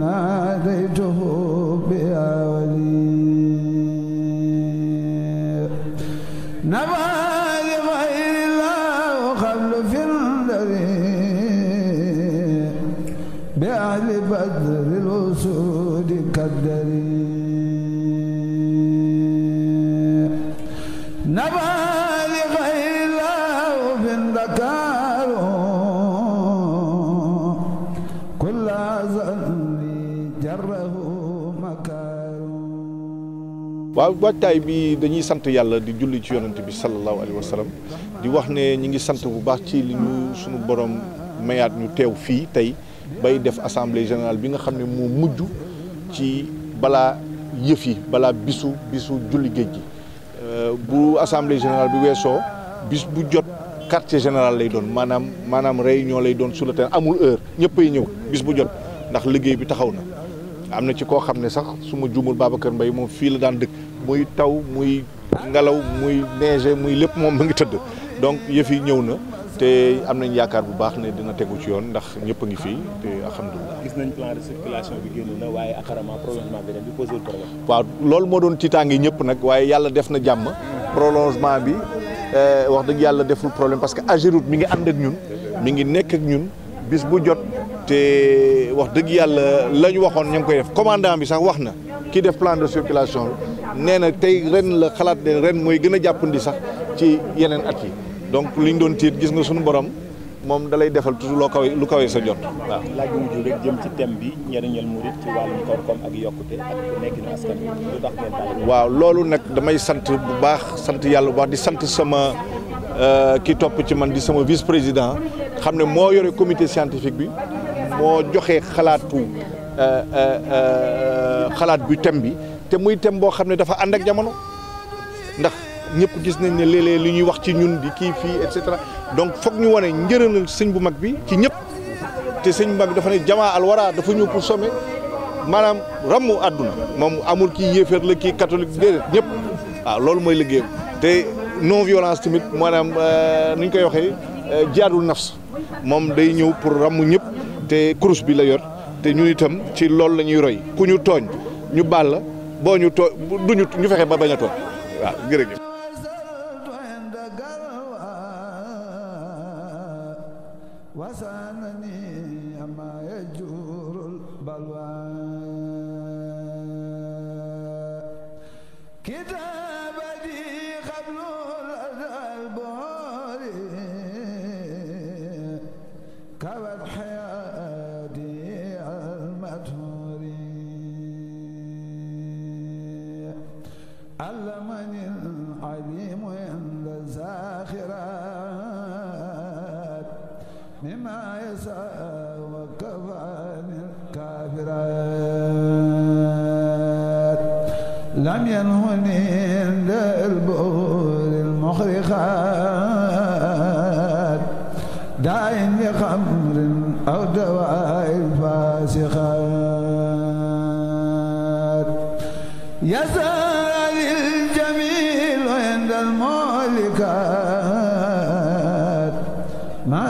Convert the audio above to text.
ناديته بها ولي نبى لغير الله قبل في الذي بأهل بدر الأسود كالدري نبى لغير الله في الذكاء waaw waajtaay bi dañuy sant yàlla di julli ci yonent bi sallallahu alayhi wa sallam di wax ne ñi ngi sant bu baax ci li ñu suñu borom mayaat ñu teew fii tey bay def assemblée générale bi nga xam ne moo mujj ci balaa yëf yi balaa bisu bisu julli géej gi euh, bu assemblée général bu weesoo bis bu jot quartier général lay doon maanaam maanaam ñoo lay doon sur le terrain amul heure ñëppay ñëw bis bu jot ndax liggéey bi taxaw na am na ci koo xam ne sax su ma baaba kër mbay moom fii la daan dëkk muy taw muy ngelaw muy neige muy lépp moom mu ngi tëdd donc yëf yi ñëw na te am nañ yaakaar bu baax ne dina tegu ci yoon ndax ñëpp a ngi fii te alhamdulilah. gis nañ plan de bi génn na waaye apparemment prolongement bi ren bi posé problème. waaw loolu moo doon tiitaange ñëpp nag waaye yàlla def na jàmm. prolongement bi eh, wax dëgg yàlla deful problème parce que Ageroute mi ngi am ak ñun. mi ngi nekk ak ñun bis bu jot. te wax dëgg yàlla la ñu waxoon ñu ngi koy def commandant bi sax wax na kii def plan de circulation bi nee na tey ren la xalaat ne ren mooy gën a jàppandi sax ci yeneen at yi donc li ñu doon tiit gis nga suñu borom moom dalay defal toujours loo kawee lu kawee sa jot waaw. rek jëm ci thème bi njëriñal murit ci wàllum koom-koom ak yokkute ak loolu nag damay sant bu baax sant yàlla bu baax di sant sama euh, ki topp ci man di sama vice président xam ne moo yore comité scientifique bi. moo joxe xalaatu euh, euh, euh, xalaat bi thème bi te muy thème boo xam ne dafa ànd ak jamono ndax ñëpp gis nañ ne léeg-léeg li ñuy wax ci ñun di kii fii et cetera donc foog ñu wane njëriñal sëñ bu mag bi ci ñëpp te sëñ bu mag bi dafa ne jamaa alwara dafa ñëw pour sommer maanaam ràmmu àdduna moom amul kii yéeféer la kii catholique déedéet ñëpp waaw ah, loolu mooy liggéeyam te non violence tamit maanaam ni ñu koy waxee jaadul nafs moom day ñëw pour ràmmu ñëpp te kurus bi la yor te ñun itam ci loolu la ñuy roy ku ñu tooñ ñu baal la boo ñu tooñ duñu ñu fexe ba bañ waaw jërëjëf Kawa علمني العليم عند الزاخرات مما يسعى وكفاني الكافرات لم ينهني عند البؤر المخرقات داع بخمر أو دواء فاسخات يسأل